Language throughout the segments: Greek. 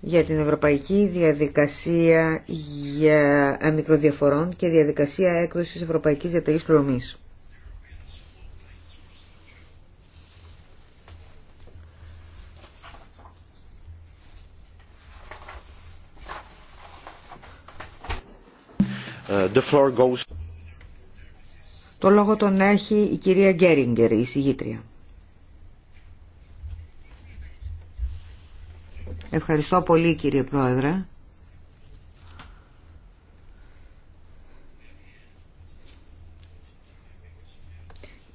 για την Ευρωπαϊκή Διαδικασία για ε, Μικροδιαφορών και Διαδικασία Έκδοσης Ευρωπαϊκής Διαταγής Προμής. Ε, the goes... Το λόγο τον έχει η κυρία Γκέριγκερ, η συγγήτρια. Ευχαριστώ πολύ κύριε Πρόεδρε.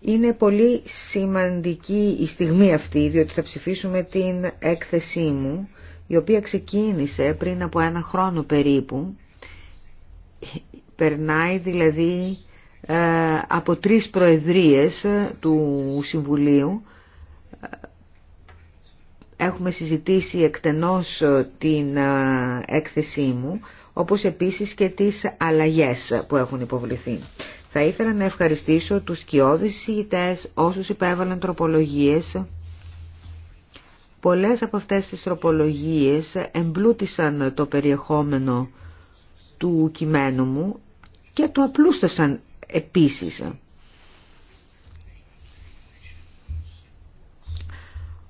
Είναι πολύ σημαντική η στιγμή αυτή, διότι θα ψηφίσουμε την έκθεσή μου, η οποία ξεκίνησε πριν από ένα χρόνο περίπου. Περνάει δηλαδή ε, από τρεις προεδρίες του Συμβουλίου Έχουμε συζητήσει εκτενώς ε, την ε, έκθεσή μου, όπως επίσης και τις αλλαγές που έχουν υποβληθεί. Θα ήθελα να ευχαριστήσω τους σκιώδεις συγητές, όσους υπέβαλαν τροπολογίες. Πολλές από αυτές τις τροπολογίες εμπλούτησαν το περιεχόμενο του κειμένου μου και το απλούστευσαν επίσης.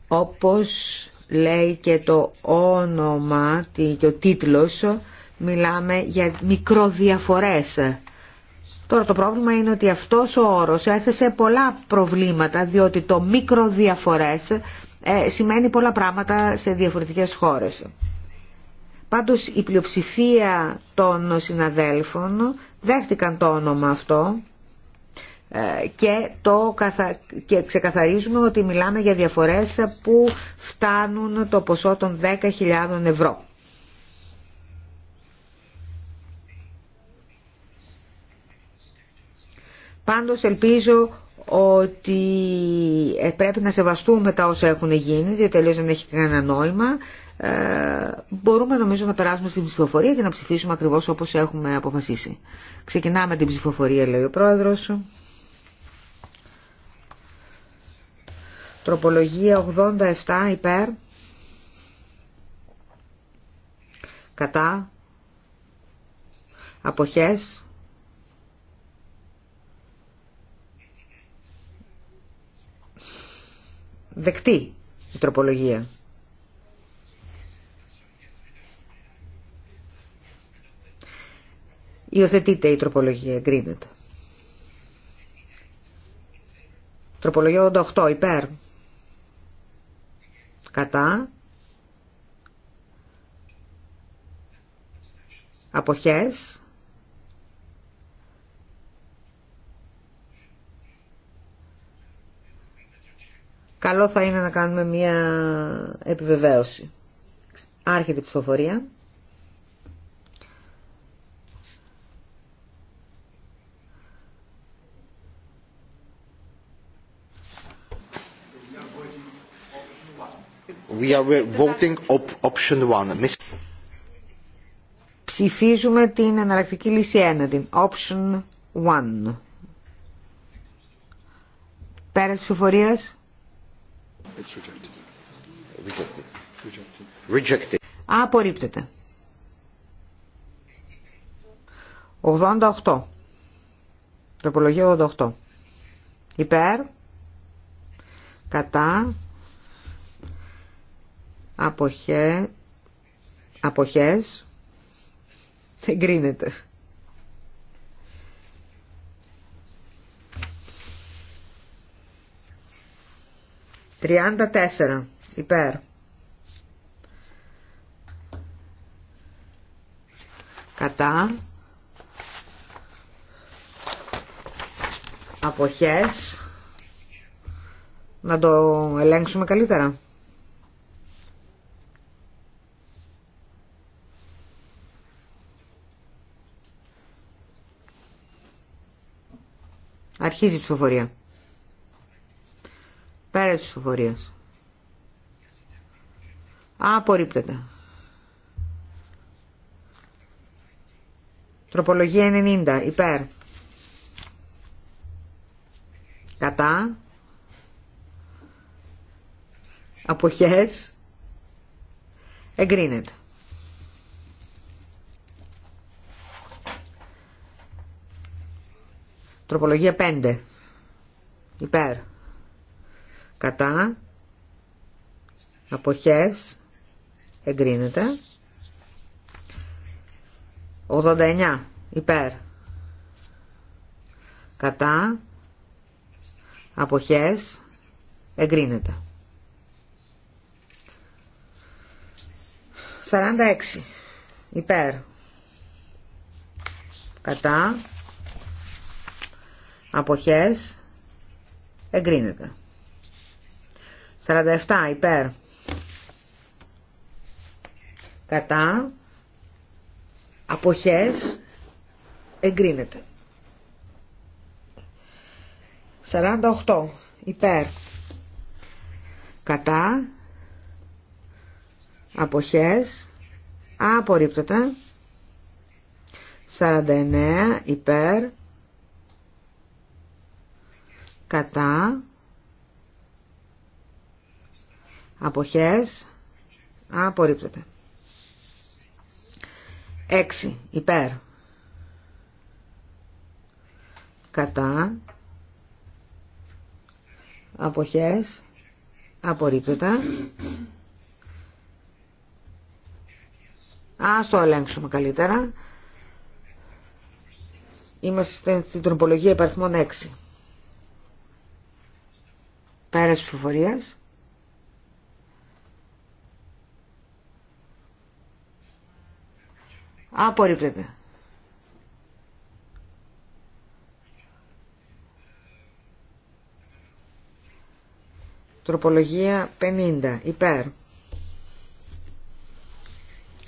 όπως λέει και το όνομα και ο τίτλος μιλάμε για μικροδιαφορές. Τώρα το πρόβλημα είναι ότι αυτός ο όρος έθεσε πολλά προβλήματα διότι το μικροδιαφορές ε, σημαίνει πολλά πράγματα σε διαφορετικές χώρες. Πάντως η πλειοψηφία των συναδέλφων δέχτηκαν το όνομα αυτό ε, και, το καθα... και ξεκαθαρίζουμε ότι μιλάμε για διαφορές που φτάνουν το ποσό των 10.000 ευρώ. Πάντως ελπίζω ότι ε, πρέπει να σεβαστούμε τα όσα έχουν γίνει, διότι τελείως δεν έχει κανένα νόημα. Ε, μπορούμε νομίζω να περάσουμε στην ψηφοφορία και να ψηφίσουμε ακριβώς όπως έχουμε αποφασίσει. Ξεκινάμε την ψηφοφορία, λέει ο πρόεδρος. Τροπολογία 87 υπέρ. Κατά. Αποχές. Δεκτή η τροπολογία. Υιοθετείται η τροπολογία, εγκρίνεται. Τροπολογία 88, υπέρ κατά αποχές καλό θα είναι να κάνουμε μια επιβεβαίωση άρχεται η ψηφοφορία We voting op option one. Ψηφίζουμε την εναλλακτική λύση 1, την option 1. Πέρα της ψηφορίας. Rejected. Απορρίπτεται. 88. Τροπολογία 88. Υπέρ. Κατά αποχέ, αποχές εγκρίνεται. Τριάντα τέσσερα υπέρ. Κατά αποχές να το ελέγξουμε καλύτερα. Αρχίζει η ψηφοφορία. Πέρα της Απορρίπτεται. Τροπολογία 90. Υπέρ. Κατά. Αποχές. Εγκρίνεται. Τροπολογία 5. Υπέρ. Κατά. Αποχές. Εγκρίνεται. 89. Υπέρ. Κατά. Αποχές. Εγκρίνεται. 46. Υπέρ. Κατά αποχές εγκρίνεται 47 υπέρ κατά αποχές εγκρίνεται 48 υπέρ κατά αποχές απορρίπτεται 49 υπέρ κατά αποχές απορρίπτεται 6 υπέρ κατά αποχές απορρίπτεται Ας το ελέγξουμε καλύτερα. Είμαστε στην τροπολογία υπαριθμών 6. Πέρας ψηφοφορίας. Απορρίπτεται. Τροπολογία 50. Υπέρ.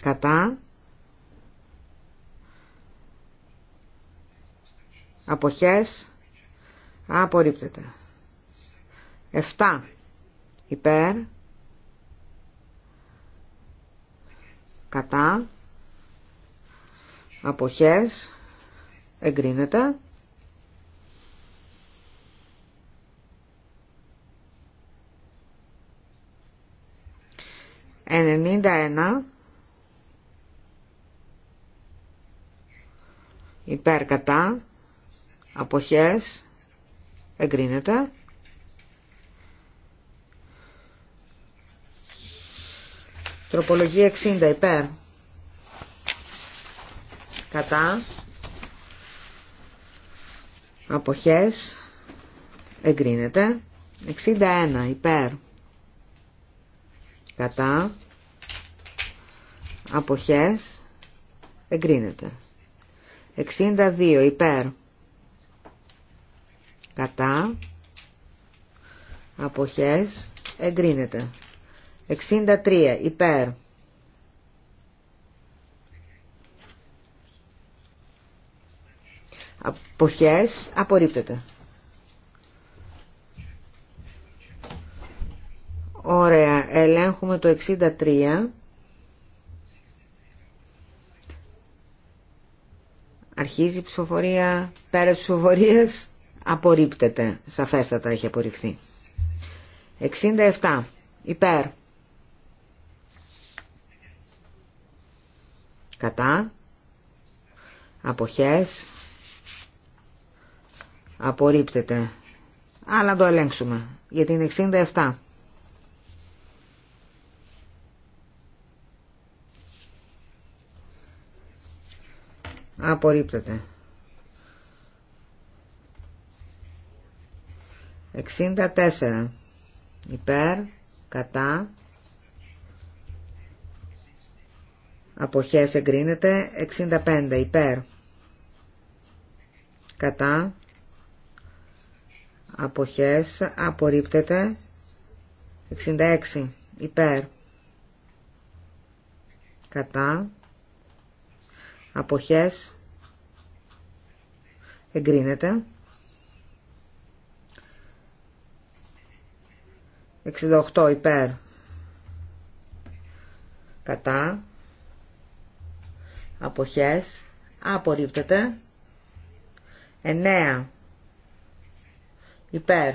Κατά. Αποχές. Απορρίπτεται. Εφτά υπέρ κατά αποχές εγκρίνεται ενενήντα ένα υπέρ κατά αποχές εγκρίνεται Τροπολογία 60 υπέρ. Κατά. Αποχές. Εγκρίνεται. 61 υπέρ. Κατά. Αποχές. Εγκρίνεται. 62 υπέρ. Κατά. Αποχές. Εγκρίνεται. 63 υπέρ. Αποχές απορρίπτεται. Ωραία, ελέγχουμε το 63. Αρχίζει η ψηφοφορία, πέρα της ψηφοφορίας, απορρίπτεται. Σαφέστατα έχει απορριφθεί. 67. Υπέρ. κατά, αποχές, απορρίπτεται. Αλλά το ελέγξουμε Γιατί την 67. Απορρίπτεται. 64. Υπέρ, κατά, αποχές εγκρίνεται 65 υπέρ κατά αποχές απορρίπτεται 66 υπέρ κατά αποχές εγκρίνεται 68 υπέρ κατά αποχές απορρίπτεται 9 υπέρ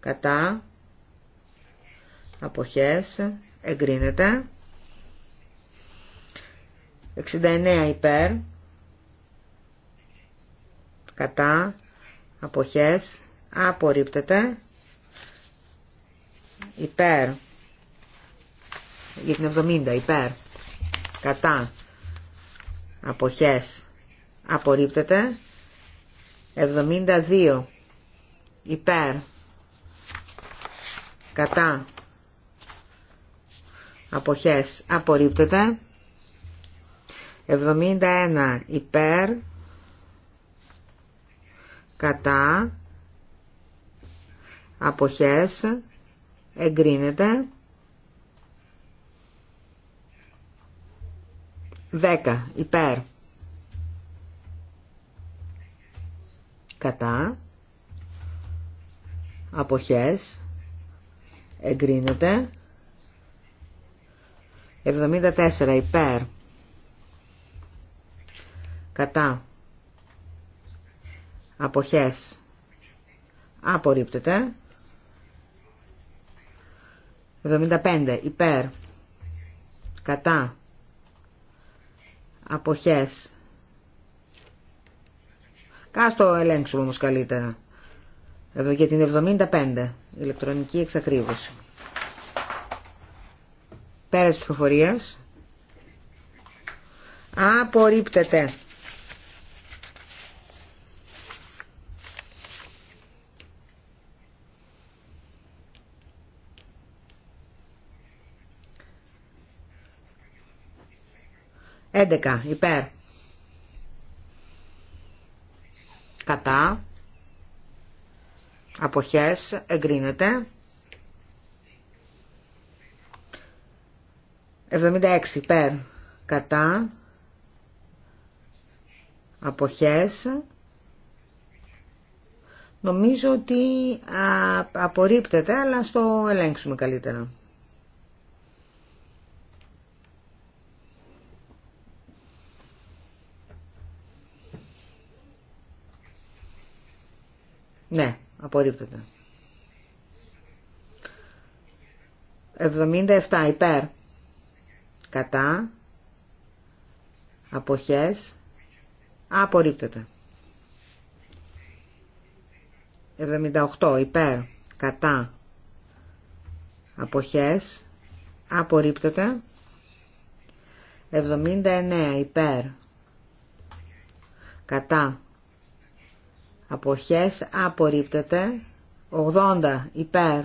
κατά αποχές εγκρίνεται 69 υπέρ κατά αποχές απορρίπτεται υπέρ για την 70 υπέρ κατά αποχές απορρίπτεται 72 υπέρ κατά αποχές απορρίπτεται 71 υπέρ κατά αποχές εγκρίνεται 10 υπέρ κατά αποχές εγκρίνεται 74 υπέρ κατά αποχές απορρίπτεται 75 υπέρ κατά αποχές. Κάς το ελέγξουμε όμως καλύτερα. Εδώ για την 75, ηλεκτρονική εξακρίβωση. Πέρας ψηφοφορίας. Απορρίπτεται. 11 υπέρ. Κατά. Αποχές εγκρίνεται. 76 υπέρ. Κατά. Αποχές. Νομίζω ότι απορρίπτεται, αλλά στο ελέγξουμε καλύτερα. Ναι, απορρίπτεται. 77 υπέρ. Κατά. Αποχές. Απορρίπτεται. 78 υπέρ. Κατά. Αποχές. Απορρίπτεται. 79 υπέρ. Κατά αποχές απορρίπτεται 80 υπέρ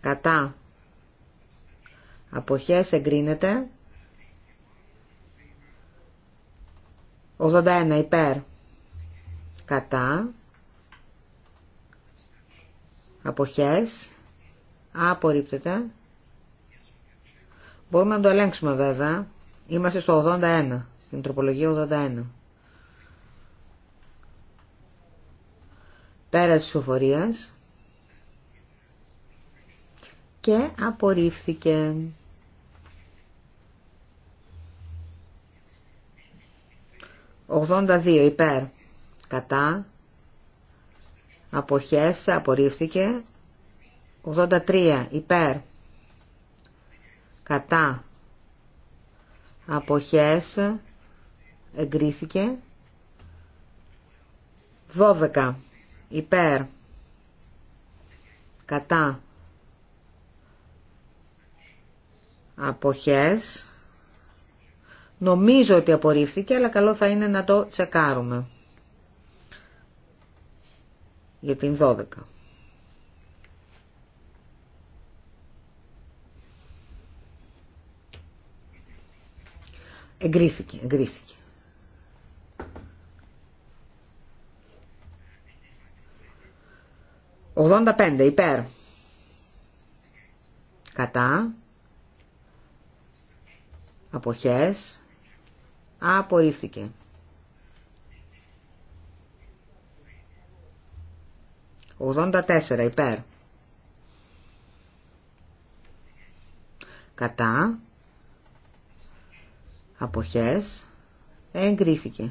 κατά αποχές εγκρίνεται 81 υπέρ κατά αποχές απορρίπτεται μπορούμε να το ελέγξουμε βέβαια είμαστε στο 81 στην τροπολογία 81 Πέρα της ψηφοφορίας. Και απορρίφθηκε. «82 υπέρ κατά αποχές απορρίφθηκε 83 υπέρ κατά αποχές εγκρίθηκε 12 υπέρ, κατά, αποχές, νομίζω ότι απορρίφθηκε, αλλά καλό θα είναι να το τσεκάρουμε για την 12. Εγκρίθηκε, εγκρίθηκε. 85 υπέρ. Κατά. Αποχές. Απορρίφθηκε. Ογδόντα τέσσερα υπέρ. Κατά. Αποχές. Εγκρίθηκε.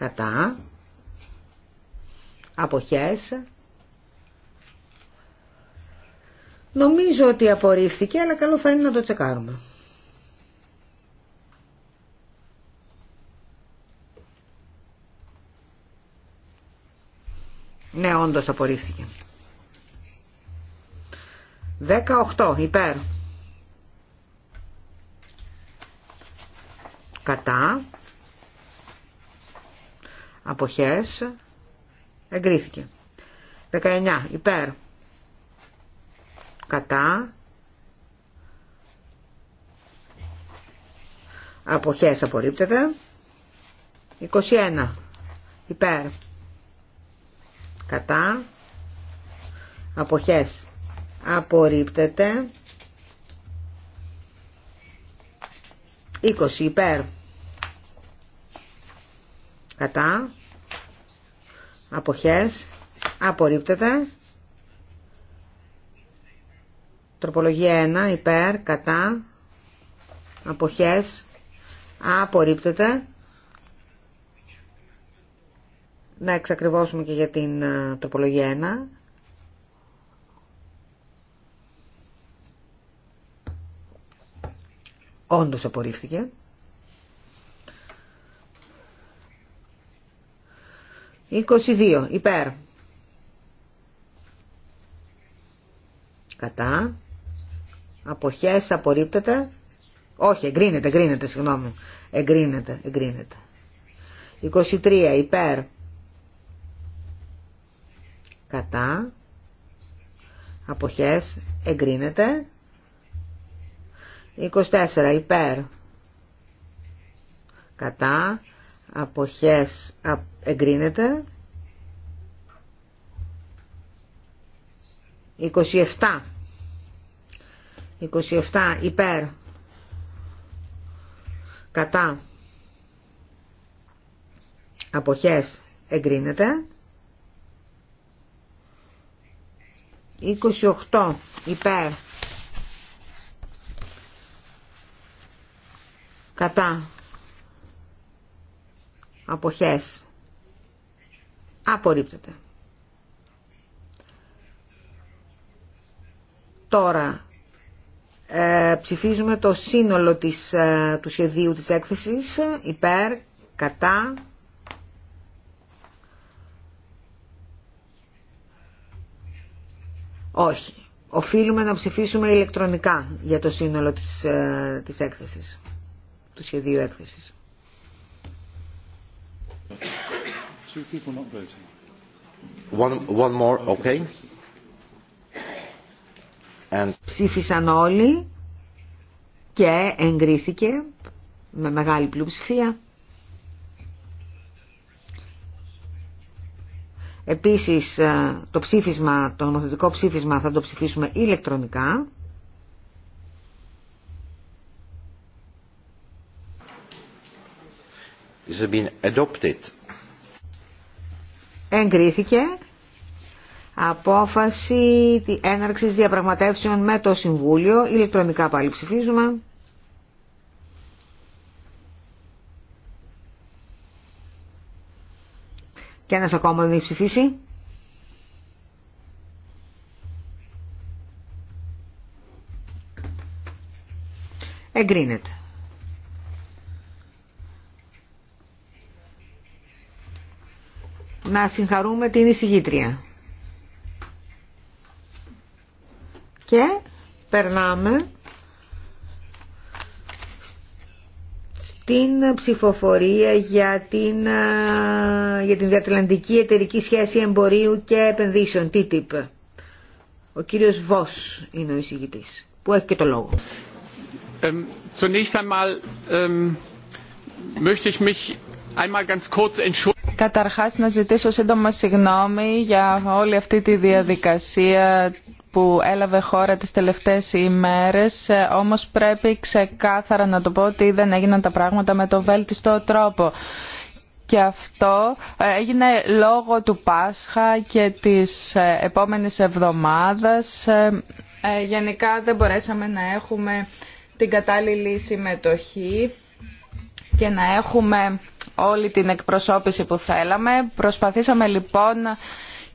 κατά αποχές νομίζω ότι απορρίφθηκε αλλά καλό θα είναι να το τσεκάρουμε ναι όντως απορρίφθηκε 18 υπέρ κατά αποχές εγκρίθηκε 19 υπέρ κατά αποχές απορρίπτεται 21 υπέρ κατά αποχές απορρίπτεται 20 υπέρ κατά αποχές απορρίπτεται τροπολογία 1 υπέρ κατά αποχές απορρίπτεται να εξακριβώσουμε και για την ε, τροπολογία 1 Όντως απορρίφθηκε. 22 υπέρ. Κατά. Αποχές απορρίπτεται. Όχι, εγκρίνεται, εγκρίνεται, συγγνώμη. Εγκρίνεται, εγκρίνεται. 23 υπέρ. Κατά. Αποχές εγκρίνεται. 24 υπέρ. Κατά αποχές εγκρίνεται 27 27 υπέρ κατά αποχές εγκρίνεται 28 υπέρ κατά αποχές απορρίπτεται τώρα ε, ψηφίζουμε το σύνολο της, ε, του σχεδίου της έκθεσης υπέρ, κατά όχι οφείλουμε να ψηφίσουμε ηλεκτρονικά για το σύνολο της, ε, της έκθεσης του σχεδίου έκθεσης Ψήφισαν όλοι και εγκρίθηκε με μεγάλη πλειοψηφία. Επίσης ε, το ψήφισμα, το νομοθετικό ψήφισμα θα το ψηφίσουμε ηλεκτρονικά. it been εγκρίθηκε απόφαση έναρξης διαπραγματεύσεων με το Συμβούλιο ηλεκτρονικά πάλι ψηφίζουμε και ένας ακόμα δεν έχει ψηφίσει εγκρίνεται να συγχαρούμε την εισηγήτρια. Και περνάμε στην ψηφοφορία για την, ε, για την Διατλαντική Εταιρική Σχέση Εμπορίου και Επενδύσεων, TTIP. Ο κύριος Βος είναι ο εισηγητής, που έχει και το λόγο. Ähm, zunächst ähm, möchte ich mich einmal ganz kurz entschuldigen. Καταρχάς να ζητήσω σύντομα συγγνώμη για όλη αυτή τη διαδικασία που έλαβε χώρα τις τελευταίες ημέρες, όμως πρέπει ξεκάθαρα να το πω ότι δεν έγιναν τα πράγματα με το βέλτιστο τρόπο. Και αυτό ε, έγινε λόγω του Πάσχα και της ε, επόμενης εβδομάδας. Ε, γενικά δεν μπορέσαμε να έχουμε την κατάλληλη συμμετοχή και να έχουμε όλη την εκπροσώπηση που θέλαμε. Προσπαθήσαμε λοιπόν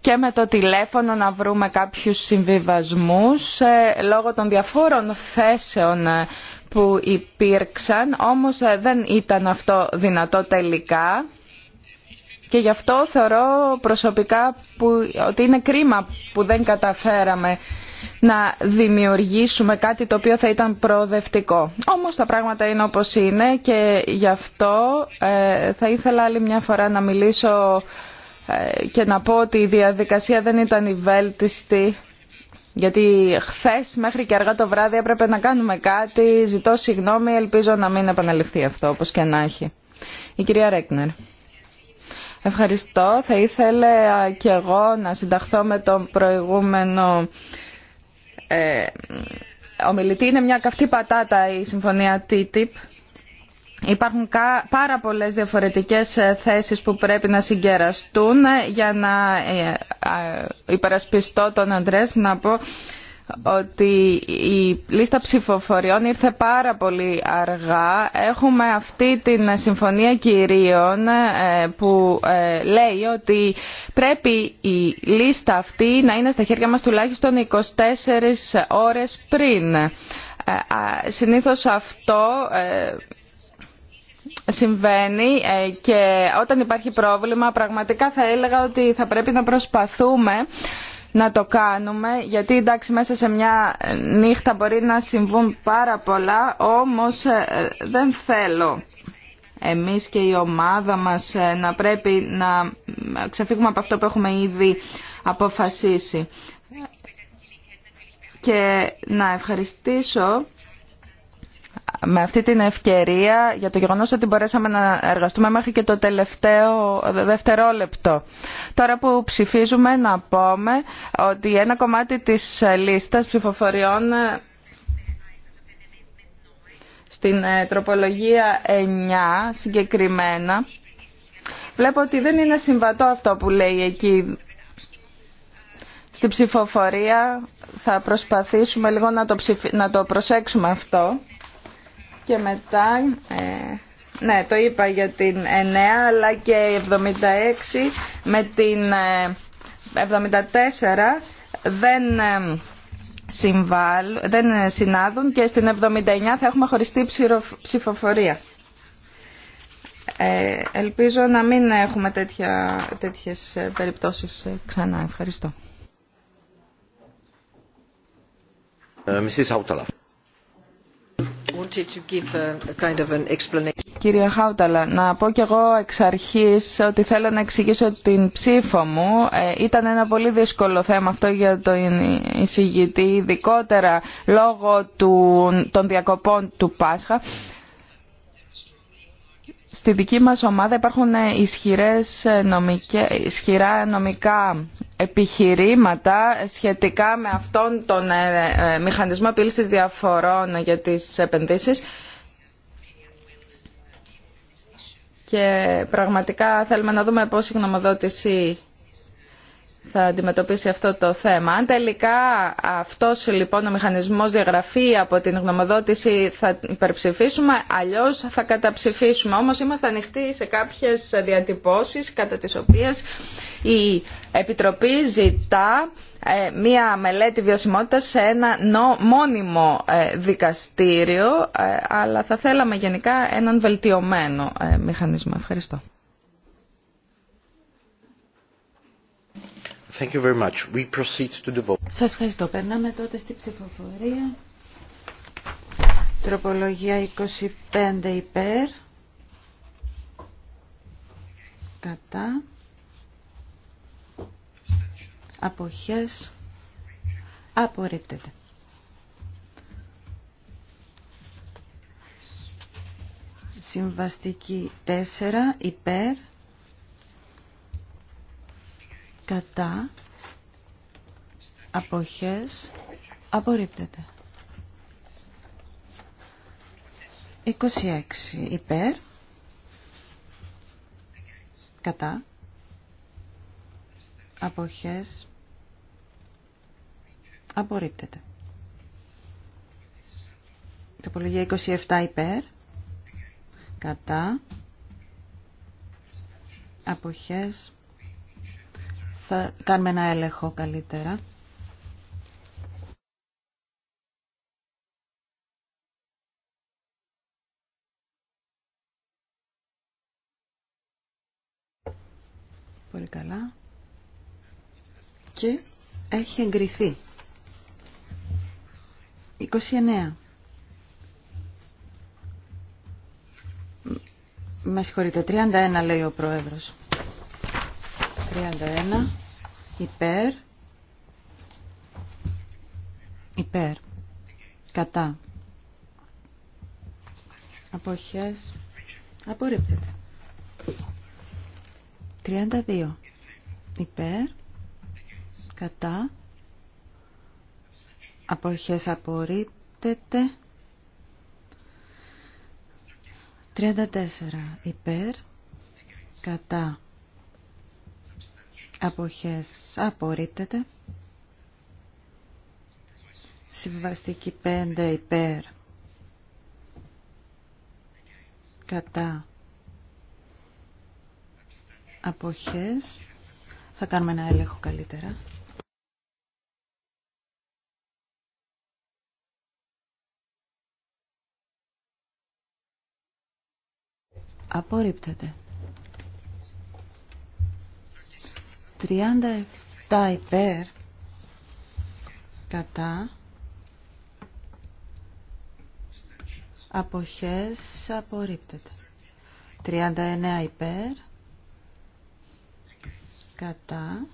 και με το τηλέφωνο να βρούμε κάποιους συμβιβασμούς ε, λόγω των διαφόρων θέσεων ε, που υπήρξαν, όμως ε, δεν ήταν αυτό δυνατό τελικά και γι' αυτό θεωρώ προσωπικά που, ότι είναι κρίμα που δεν καταφέραμε να δημιουργήσουμε κάτι το οποίο θα ήταν προοδευτικό. Όμως τα πράγματα είναι όπως είναι και γι' αυτό ε, θα ήθελα άλλη μια φορά να μιλήσω ε, και να πω ότι η διαδικασία δεν ήταν η βέλτιστη γιατί χθες μέχρι και αργά το βράδυ έπρεπε να κάνουμε κάτι. Ζητώ συγγνώμη, ελπίζω να μην επαναληφθεί αυτό όπως και να έχει. Η κυρία Ρέκνερ. Ευχαριστώ. Θα ήθελα και εγώ να συνταχθώ με τον προηγούμενο ε, ομιλητή. Είναι μια καυτή πατάτα η συμφωνία TTIP. Υπάρχουν πάρα πολλές διαφορετικές ε, θέσεις που πρέπει να συγκεραστούν ε, για να υπερασπιστώ τον Αντρές να πω ότι η λίστα ψηφοφοριών ήρθε πάρα πολύ αργά. Έχουμε αυτή την συμφωνία κυρίων ε, που ε, λέει ότι πρέπει η λίστα αυτή να είναι στα χέρια μας τουλάχιστον 24 ώρες πριν. Ε, συνήθως αυτό συμβαίνει και όταν υπάρχει πρόβλημα πραγματικά θα έλεγα ότι θα πρέπει να προσπαθούμε να το κάνουμε, γιατί εντάξει μέσα σε μια νύχτα μπορεί να συμβούν πάρα πολλά, όμως ε, δεν θέλω εμείς και η ομάδα μας ε, να πρέπει να ε, ξεφύγουμε από αυτό που έχουμε ήδη αποφασίσει. Και να ευχαριστήσω με αυτή την ευκαιρία για το γεγονός ότι μπορέσαμε να εργαστούμε μέχρι και το τελευταίο δευτερόλεπτο. Τώρα που ψηφίζουμε να πούμε ότι ένα κομμάτι της λίστας ψηφοφοριών ε, στην ε, τροπολογία 9 συγκεκριμένα βλέπω ότι δεν είναι συμβατό αυτό που λέει εκεί στην ψηφοφορία θα προσπαθήσουμε λίγο να το, να το προσέξουμε αυτό και μετά, ε, ναι το είπα για την 9 αλλά και 76 με την 74 ε, δεν ε, δεν συνάδουν και στην 79 θα έχουμε χωριστή ψηφοφορία. Ε, ελπίζω να μην έχουμε τέτοια, τέτοιες ε, περιπτώσεις ξανά. Ευχαριστώ. Ε, Κυρία Χάουταλα, να πω κι εγώ εξ αρχής ότι θέλω να εξηγήσω την ψήφο μου. Ε, ήταν ένα πολύ δύσκολο θέμα αυτό για τον εισηγητή, ειδικότερα λόγω του, των διακοπών του Πάσχα. Στη δική μας ομάδα υπάρχουν ε, ισχυρές ε, νομικές, ισχυρά νομικά επιχειρήματα σχετικά με αυτόν τον ε, μηχανισμό επίλυσης διαφορών για τις επενδύσεις και πραγματικά θέλουμε να δούμε πώς η γνωμοδότηση θα αντιμετωπίσει αυτό το θέμα. Αν τελικά αυτός λοιπόν ο μηχανισμός διαγραφεί από την γνωμοδότηση θα υπερψηφίσουμε, αλλιώς θα καταψηφίσουμε. Όμως είμαστε ανοιχτοί σε κάποιες διατυπώσεις κατά τις οποίες η Επιτροπή ζητά ε, μία μελέτη βιωσιμότητα σε ένα μόνιμο ε, δικαστήριο, ε, αλλά θα θέλαμε γενικά έναν βελτιωμένο μηχανισμό. Ευχαριστώ. Thank you very much. We proceed to Σας ευχαριστώ. Περνάμε τότε στη ψηφοφορία. Τροπολογία 25 υπέρ. Κατά. Αποχές. Απορρίπτεται. Συμβαστική 4 υπέρ κατά αποχές απορρίπτεται 26 υπέρ κατά αποχές απορρίπτεται Τοπολογία 27 υπέρ κατά αποχές θα κάνουμε ένα έλεγχο καλύτερα. Πολύ καλά. Και έχει εγκριθεί. 29. Με συγχωρείτε, 31 λέει ο Πρόεδρος. 31 υπέρ υπέρ κατά αποχές απορρίπτεται 32 υπέρ κατά αποχές απορρίπτεται 34 υπέρ κατά Αποχές απορρίπτεται. Συμβαστική 5 υπέρ. Κατά. Αποχές. Θα κάνουμε ένα έλεγχο καλύτερα. Απορρίπτεται. 37 υπέρ κατά αποχές απορρίπτεται 39 υπέρ κατά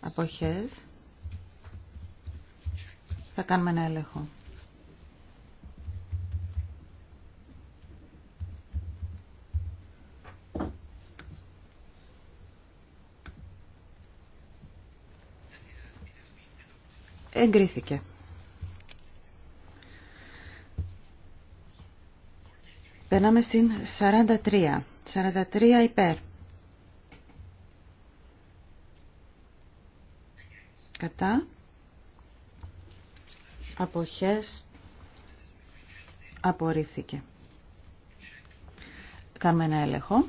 αποχές θα κάνουμε ένα έλεγχο εγκρίθηκε. Περνάμε στην 43. 43 υπέρ. Κατά. Αποχές. Απορρίφθηκε. Κάνουμε ένα έλεγχο.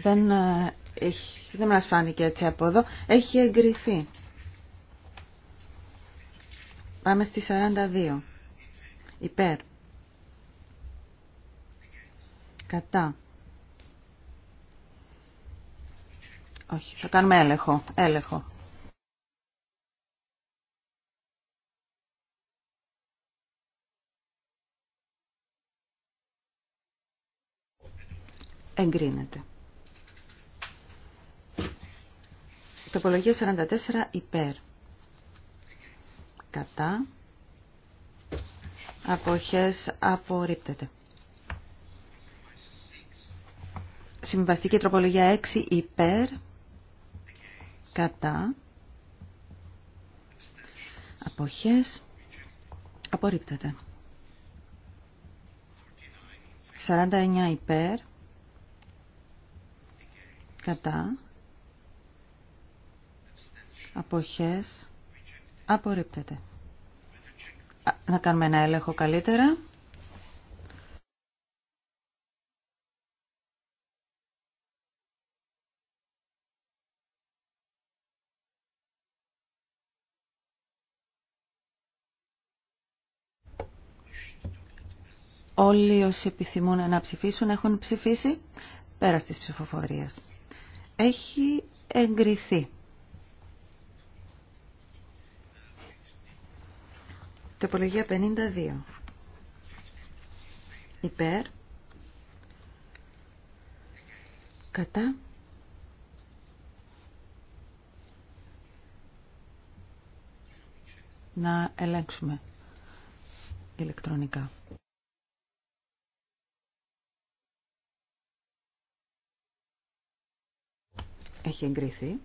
Δεν, ε, έχει, δεν μας φάνηκε έτσι από εδώ. Έχει εγκριθεί. Πάμε στη 42. Υπέρ. Κατά. Όχι, θα κάνουμε έλεγχο. Έλεγχο. Εγκρίνεται. Τοπολογία 44 υπέρ. Κατά. Αποχές απορρίπτεται. Συμβαστική τροπολογία 6 υπέρ. Κατά. Αποχές απορρίπτεται. 49 υπέρ. Κατά αποχές απορρίπτεται. Να κάνουμε ένα έλεγχο καλύτερα. Όλοι όσοι επιθυμούν να ψηφίσουν έχουν ψηφίσει πέρα της ψηφοφορίας. Έχει εγκριθεί. Τεπολογία 52. Υπέρ. Κατά. Να ελέγξουμε ηλεκτρονικά. Έχει εγκριθεί.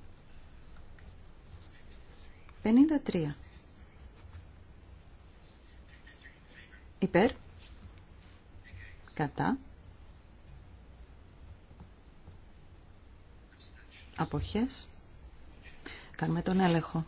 53. Υπέρ. Κατά. Αποχές. Κάνουμε τον έλεγχο.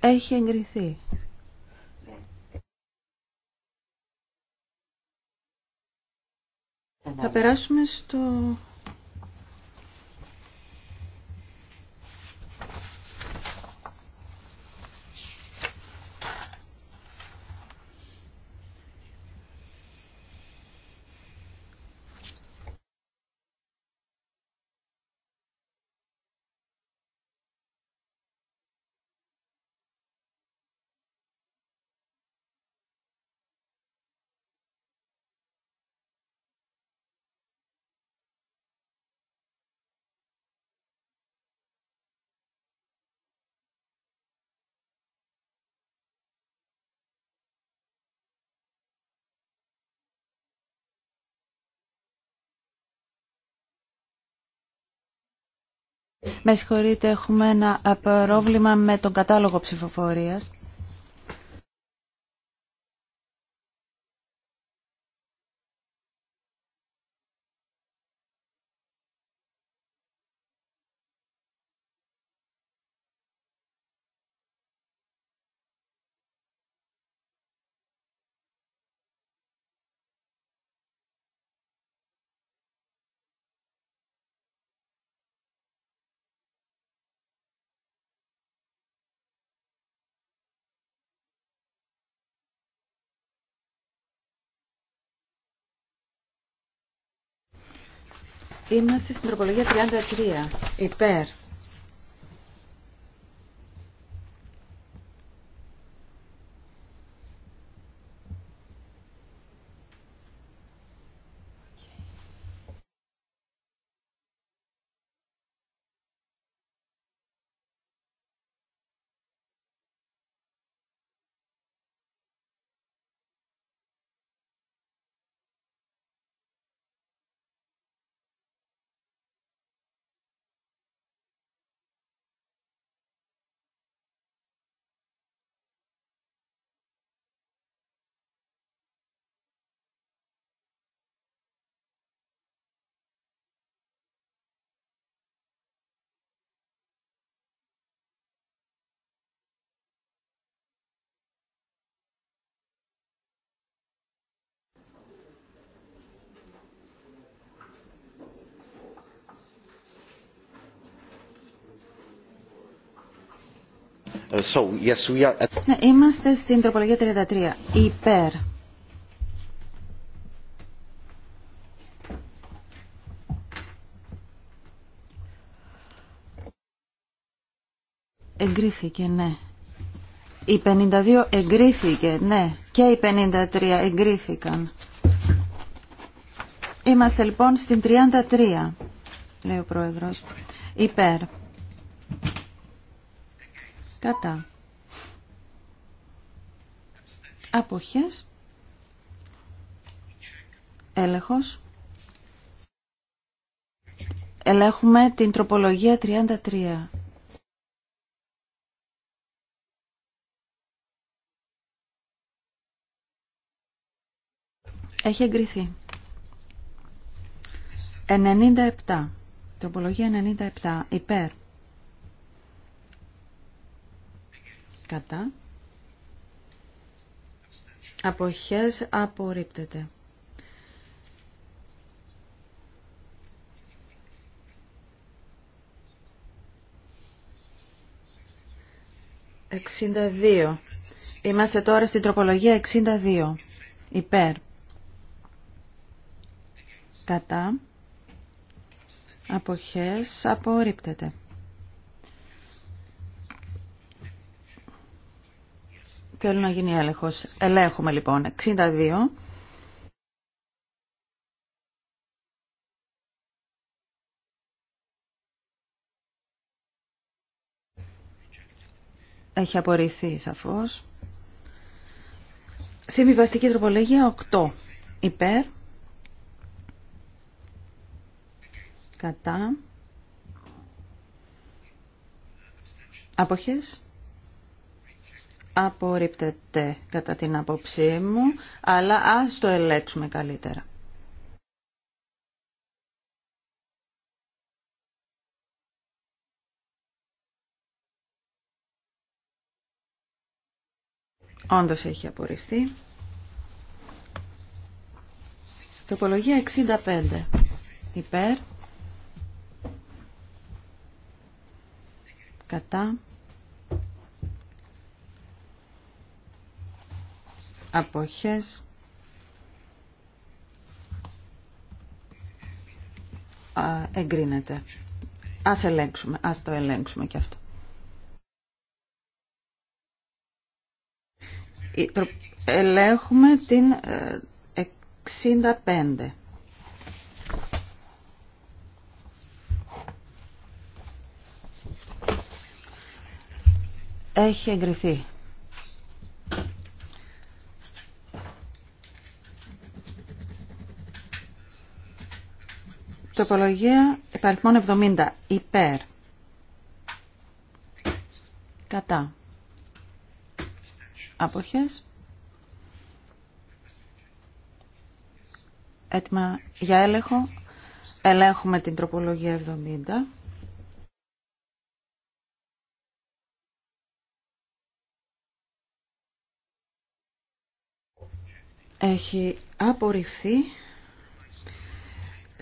Έχει εγκριθεί. Θα περάσουμε στο Με συγχωρείτε, έχουμε ένα ε, πρόβλημα με τον κατάλογο ψηφοφορίας. Είμαστε στην τροπολογία 33. Υπέρ. ναι, είμαστε στην τροπολογία 33. Υπέρ. Εγκρίθηκε, ναι. Η 52 εγκρίθηκε, ναι. Και η 53 εγκρίθηκαν. Είμαστε λοιπόν στην 33, λέει ο Πρόεδρος. Υπέρ. Κατά. Αποχές. Έλεγχος. Ελέγχουμε την τροπολογία 33. Έχει εγκριθεί. 97. Τροπολογία 97. Υπέρ. Κατά. Αποχές απορρίπτεται. Εξήντα δύο. Είμαστε τώρα στην τροπολογία 62. Υπέρ. Κατά. Αποχές απορρίπτεται. Θέλω να γίνει έλεγχος. Ελέγχουμε λοιπόν. 62. Έχει απορριφθεί σαφώς. Συμβιβαστική τροπολογία 8. Υπέρ. Κατά. Αποχές απορρίπτεται κατά την άποψή μου, αλλά ας το ελέξουμε καλύτερα. Όντως έχει απορριφθεί. Τροπολογία 65. Υπέρ. Κατά. αποχές εγκρίνεται. Ας ελέγξουμε, ας το ελέγξουμε και αυτό. Ελέγχουμε την 65. Ε, Έχει εγκριθεί. Τροπολογία υπαριθμών 70. Υπέρ. Κατά. Αποχές. Έτοιμα για έλεγχο. Ελέγχουμε την τροπολογία 70. Έχει απορριφθεί.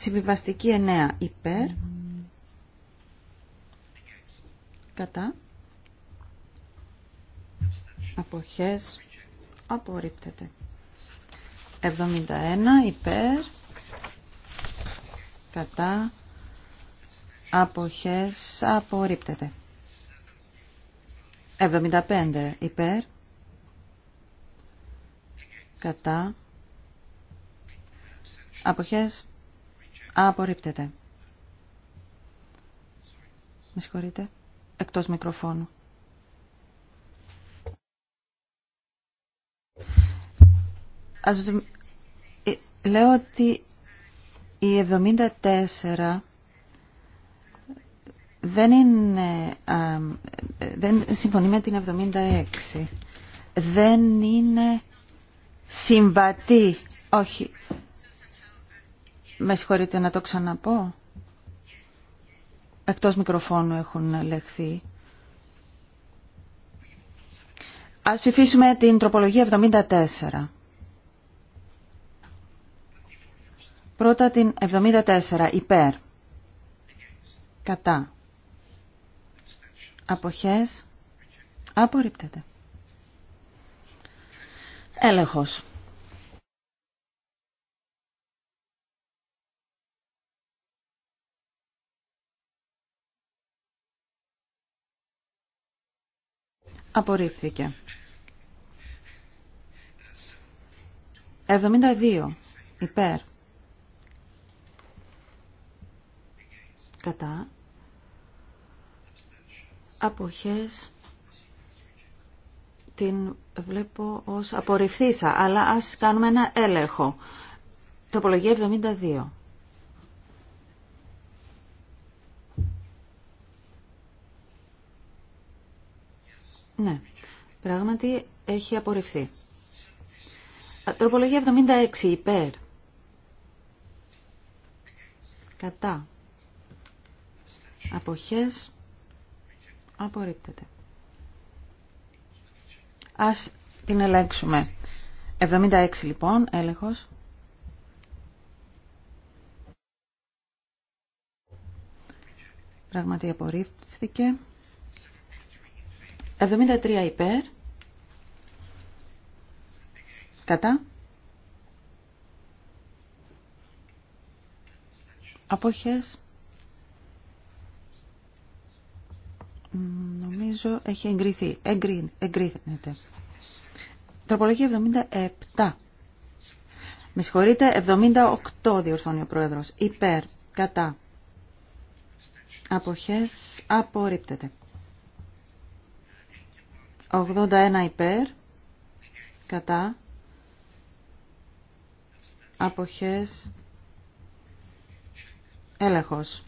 Συμβιβαστική 9 υπέρ. Κατά. Αποχές. Απορρίπτεται. 71 υπέρ. Κατά. Αποχές. Απορρίπτεται. 75 υπέρ. Κατά. Αποχές Απορρίπτεται. Με συγχωρείτε. Εκτός μικροφώνου. Ας... Ε, λέω ότι η 74 δεν, είναι, δεν συμφωνεί με την 76. Δεν είναι συμβατή. Όχι. Με συγχωρείτε να το ξαναπώ. Εκτός μικροφώνου έχουν λεχθεί. Ας ψηφίσουμε την τροπολογία 74. Πρώτα την 74, υπέρ. Κατά. Αποχές. Απορρίπτεται. Έλεγχος. Απορρίφθηκε. 72. Υπέρ. Κατά. Αποχές. Την βλέπω ως απορριφθήσα, αλλά ας κάνουμε ένα έλεγχο. Τοπολογία 72. Ναι, πράγματι έχει απορριφθεί. Τροπολογία 76 υπέρ. Κατά. Αποχές. Απορρίπτεται. Ας την ελέγξουμε. 76 λοιπόν, έλεγχος. Πραγματικά απορρίφθηκε. 73 υπέρ. Κατά. Απόχες. Νομίζω έχει εγκριθεί. Εγκρίν, εγκρίνεται. Τροπολογία 77. Με συγχωρείτε, 78 διορθώνει ο Πρόεδρος. Υπέρ, κατά. Αποχές απορρίπτεται. 81 υπέρ, κατά, αποχές, έλεγχος.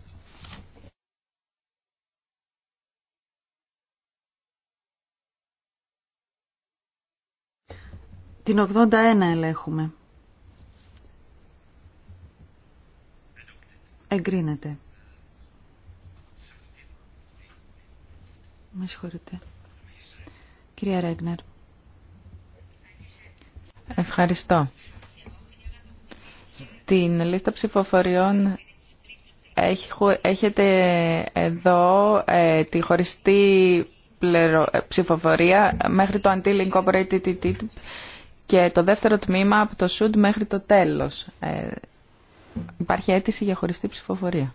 Την 81 ελέγχουμε. Εγκρίνεται. Με συγχωρείτε. Κυρία Ρέγνερ. Ευχαριστώ. Στην λίστα ψηφοφοριών έχετε εδώ ε, τη χωριστή ε, ψηφοφορία μέχρι το Until Incorporated TTIP και το δεύτερο τμήμα από το SUD μέχρι το τέλος. Ε, υπάρχει αίτηση για χωριστή ψηφοφορία.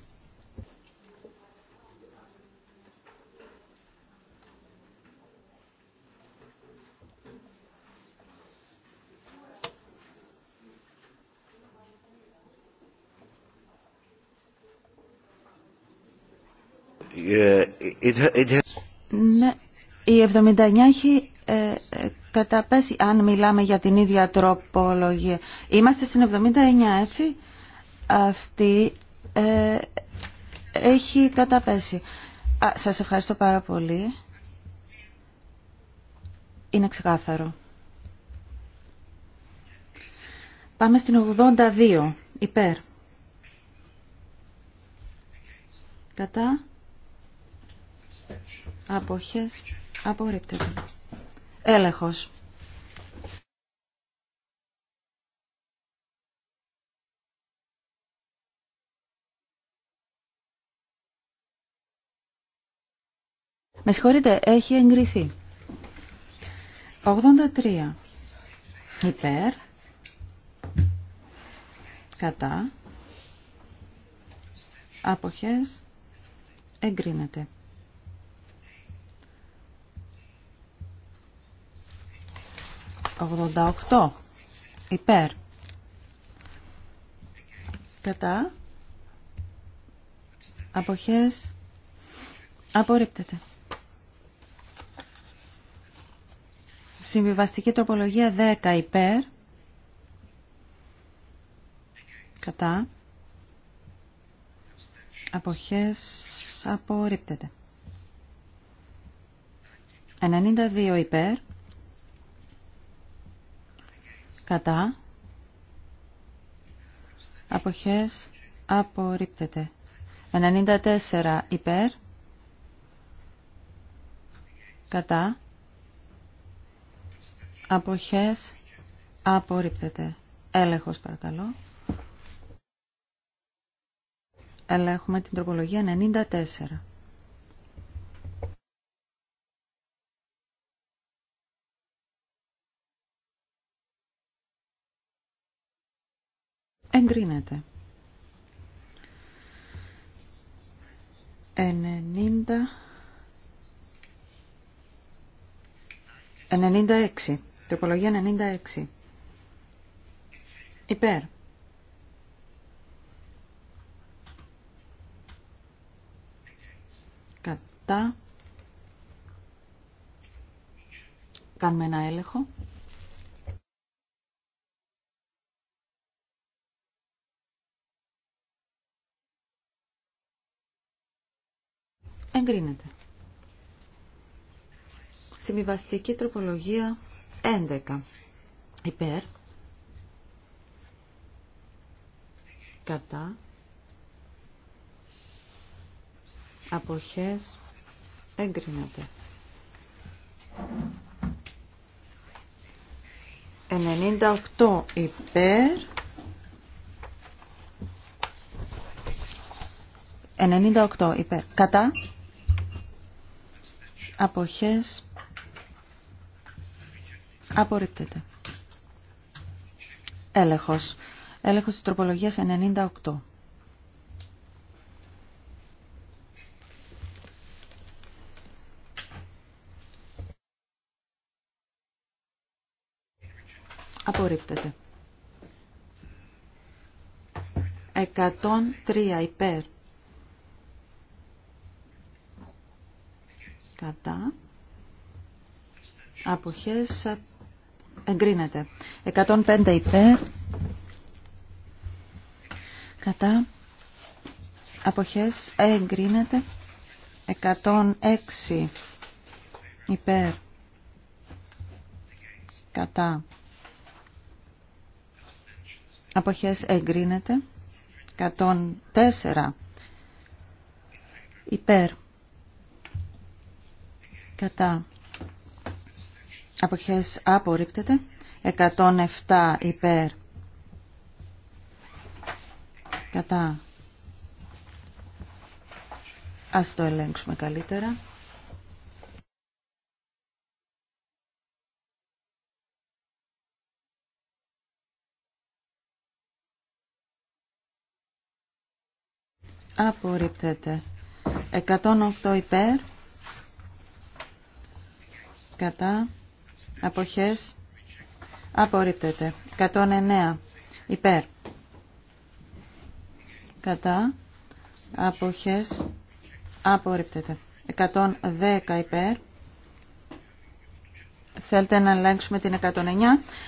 Ναι, η 79 έχει καταπέσει, αν μιλάμε για την ίδια τροπολογία. Είμαστε στην 79, έτσι. Αυτή έχει καταπέσει. Α, σας ευχαριστώ πάρα πολύ. Είναι ξεκάθαρο. Πάμε στην 82, υπέρ. Κατά. Αποχές. Απορρίπτεται. Έλεγχος. Με συγχωρείτε, έχει εγκριθεί. 83. Υπέρ. Κατά. Άποχες. Εγκρίνεται. 88 υπέρ κατά αποχές απορρίπτεται. Συμβιβαστική τροπολογία 10 υπέρ κατά αποχές απορρίπτεται. 92 υπέρ κατά, αποχές, απορρίπτεται. 94 υπέρ, κατά, αποχές, απορρίπτεται. Έλεγχος παρακαλώ. Ελέγχουμε την τροπολογία 94. Εγκρίνεται. 90... 96. Τροπολογία 96. Υπέρ. Κατά. Κάνουμε ένα έλεγχο. Εγκρίνεται. Συμβιβαστική τροπολογία 11. Υπέρ. Κατά. Αποχές. Εγκρίνεται. 98 υπέρ 98 υπέρ κατά αποχές απορρίπτεται. Έλεγχος. Έλεγχος της τροπολογίας 98. Απορρίπτεται. 103 υπέρ. Κατά. Αποχές εγκρίνεται. 105 υπέρ. Κατά. Αποχές εγκρίνεται. 106 υπέρ. Κατά. Αποχές εγκρίνεται. 104 υπέρ κατά αποχές απορρίπτεται 107 υπέρ κατά ας το ελέγξουμε καλύτερα απορρίπτεται 108 υπέρ κατά αποχές απορρίπτεται 109 υπέρ κατά αποχές απορρίπτεται 110 υπέρ Θέλετε να ελέγξουμε την 109.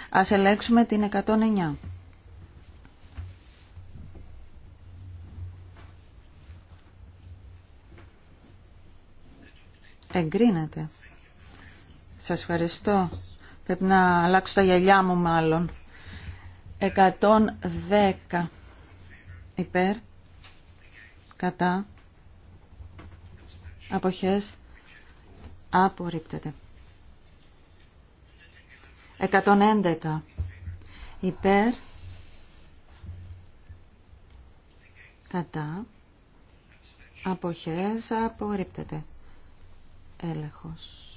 Ας ελέγξουμε την 109. Εγκρίνεται. Σας ευχαριστώ. Πρέπει να αλλάξω τα γυαλιά μου μάλλον. 110 υπέρ, κατά, αποχές, απορρίπτεται. 111 υπέρ, κατά, αποχές, απορρίπτεται. Έλεγχος.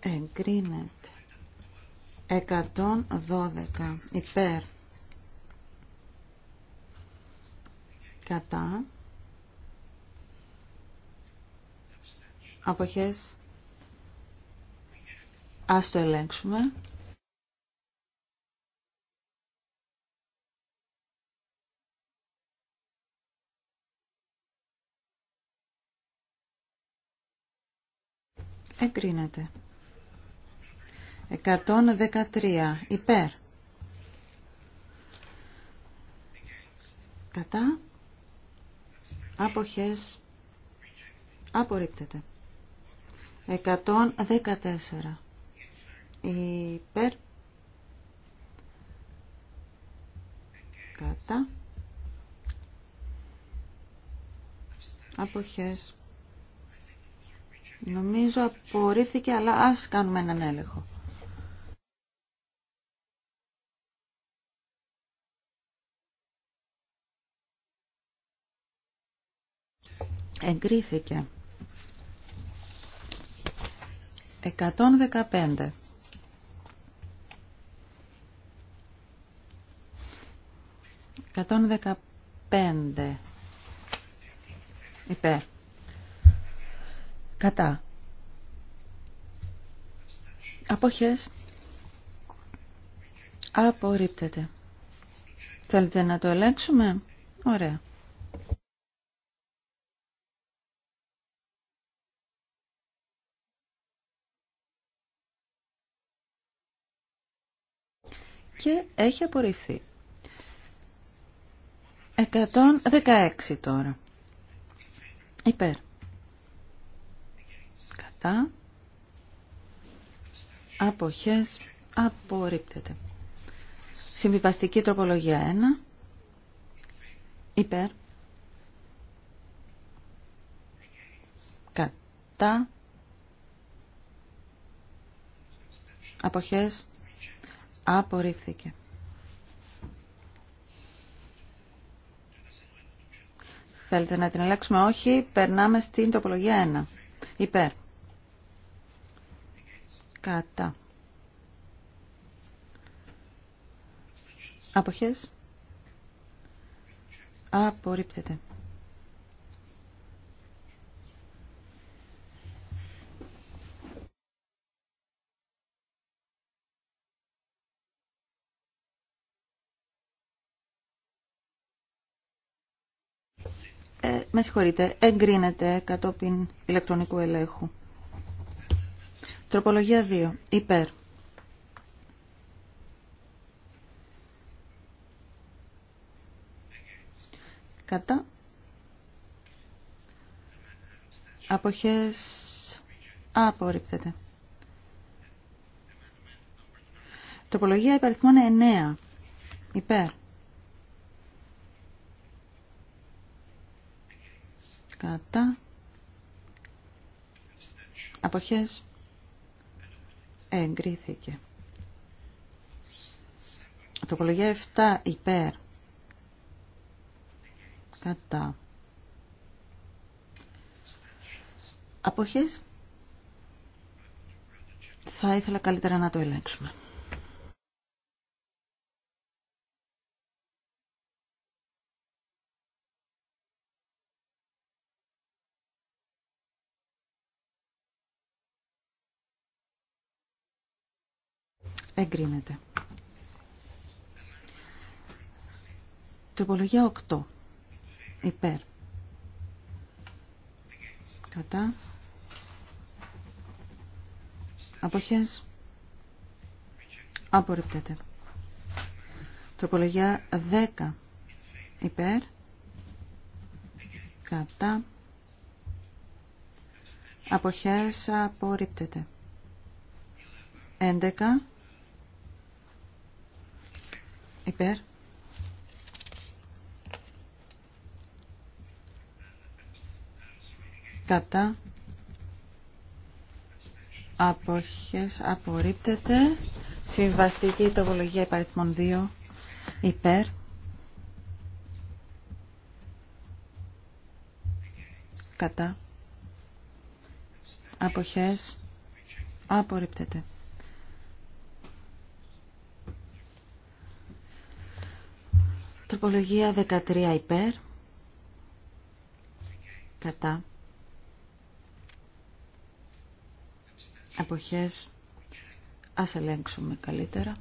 εγκρίνεται 112 υπέρ κατά αποχές ας το ελέγξουμε εγκρίνεται 113 υπέρ. Κατά. Αποχές. Απορρίπτεται. 114 υπέρ. Κατά. Αποχές. Νομίζω απορρίφθηκε, αλλά ας κάνουμε έναν έλεγχο. Εγκρίθηκε. 115 115 Υπέ Κατά Αποχές Απορρίπτεται Θέλετε να το ελέγξουμε Ωραία 115 και έχει απορριφθεί. 116 τώρα. Υπέρ. Κατά. Αποχές. Απορρίπτεται. Συμβιβαστική τροπολογία 1. Υπέρ. Κατά. Αποχές. Απορρίφθηκε. Θέλετε να την αλλάξουμε. Όχι. Περνάμε στην τοπολογία 1. Υπέρ. Κατά. Αποχές. Απορρίπτεται. με συγχωρείτε, εγκρίνεται κατόπιν ηλεκτρονικού ελέγχου. Τροπολογία 2. Υπέρ. Κατά. Αποχές. Απορρίπτεται. Τροπολογία υπαριθμών 9. Υπέρ. κατά αποχές εγκρίθηκε. Ανθρωπολογία 7 υπέρ κατά αποχές θα ήθελα καλύτερα να το ελέγξουμε. Εγκρίνεται. Τροπολογία 8. Υπέρ. Κατά. Αποχές. Απορριπτέται. Τροπολογία 10. Υπέρ. Κατά. Αποχές απορρίπτεται. 11. Υπέρ. Κατά. Αποχές. Απορρίπτεται. Συμβαστική τοπολογία υπαριθμών 2. Υπέρ. Κατά. Αποχές. Απορρίπτεται. Τροπολογία 13 υπέρ. Κατά. Αποχές. Ας ελέγξουμε καλύτερα.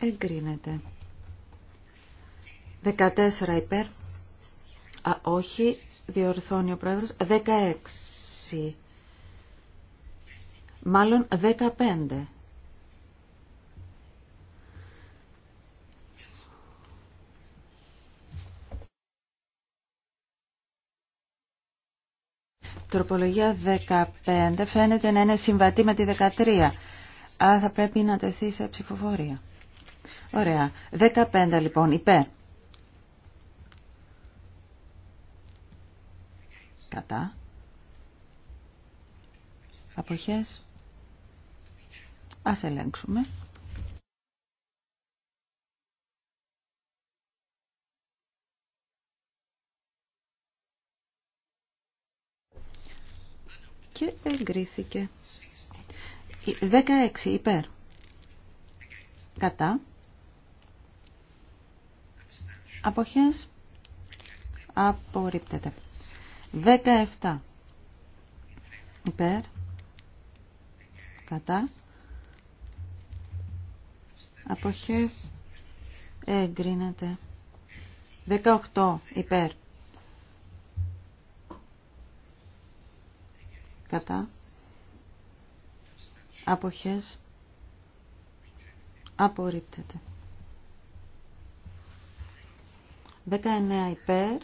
Εγκρίνεται. 14 υπέρ. Α, όχι, διορθώνει ο πρόεδρος. 16 μάλλον 15. Τροπολογία 15 φαίνεται να είναι συμβατή με τη 13. Άρα θα πρέπει να τεθεί σε ψηφοφορία. Ωραία. 15 λοιπόν υπέρ. Κατά. Αποχές. Ας ελέγξουμε. Και εγκρίθηκε. 16 υπέρ. Κατά. Αποχές. Απορρίπτεται. 17 υπέρ. Κατά αποχές εγκρίνεται 18 υπέρ κατά αποχές απορρίπτεται 19 υπέρ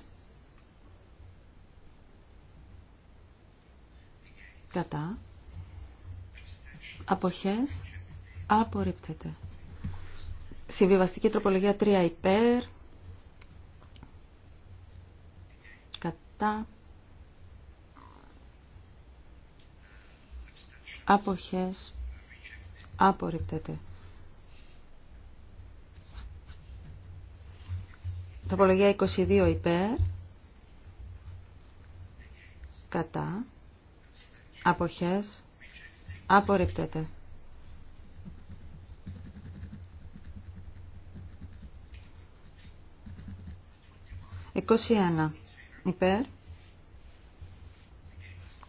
κατά αποχές απορρίπτεται Συμβιβαστική τροπολογία 3 υπέρ. Κατά. Αποχές. Απορρίπτεται. Τροπολογία 22 υπέρ. Κατά. Αποχές. Απορρίπτεται. 21 υπέρ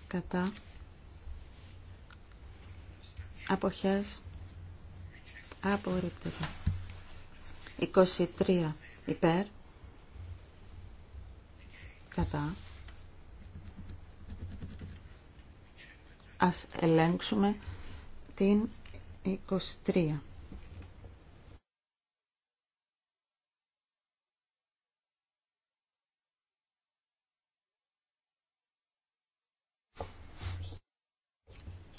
κατά αποχές απορρίπτεται 23 υπέρ κατά ας ελέγξουμε την 23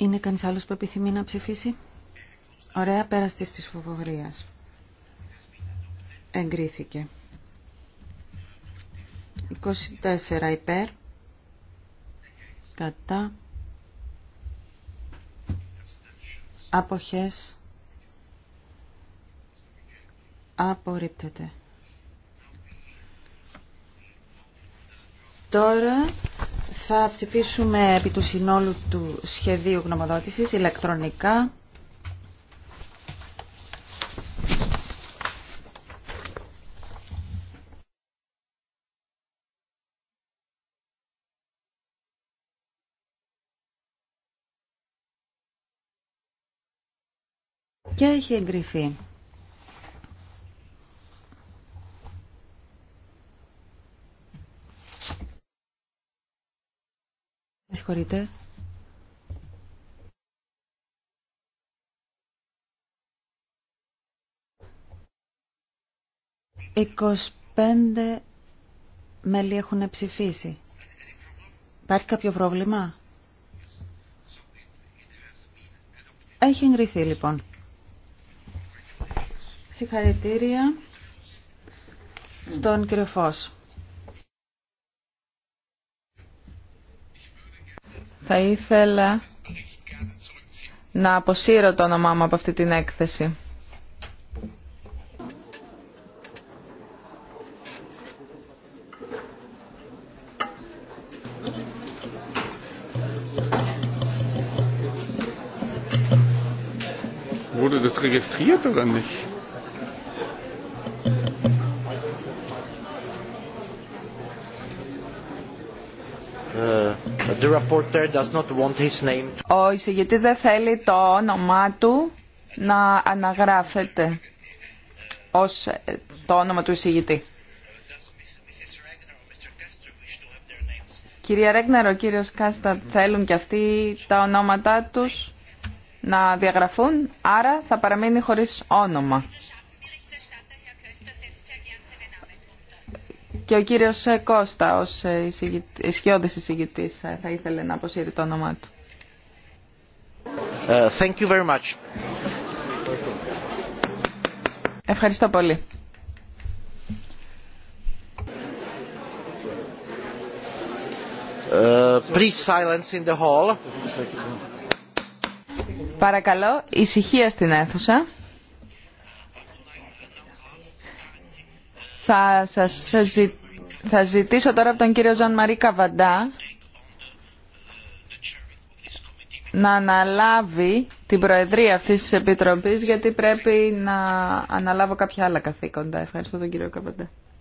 Είναι κανείς άλλος που επιθυμεί να ψηφίσει. Ωραία, πέρα της ψηφοφορίας. Εγκρίθηκε. 24 υπέρ. Κατά. Αποχές. Απορρίπτεται. Τώρα θα ψηφίσουμε επί του συνόλου του σχεδίου γνωμοδότησης ηλεκτρονικά. Και έχει εγκριθεί. συγχωρείτε. Εικοσπέντε μέλη έχουν ψηφίσει. Υπάρχει κάποιο πρόβλημα. Έχει εγκριθεί λοιπόν. Συγχαρητήρια στον κύριο Φως. Θα ήθελα να αποσύρω το όνομά μου από αυτή την έκθεση. Wurde das registriert oder nicht? Ο εισηγητής δεν θέλει το όνομά του να αναγράφεται ως ε, το όνομα του εισηγητή. Κυρία Ρέγνερ, ο κύριος Κάστα θέλουν και αυτοί τα ονόματά τους να διαγραφούν, άρα θα παραμείνει χωρίς όνομα. και ο κύριος ε, Κώστα ως ε, ισχυώδης εισηγητής ε, θα ήθελε να αποσύρει το όνομά του. Thank Ευχαριστώ πολύ. Uh, silence in the hall. Παρακαλώ, ησυχία στην αίθουσα. Θα ζητήσω τώρα από τον κύριο Ζαν Μαρί Καβαντά να αναλάβει την Προεδρία αυτής της Επιτροπής γιατί πρέπει να αναλάβω κάποια άλλα καθήκοντα. Ευχαριστώ τον κύριο Καβαντά.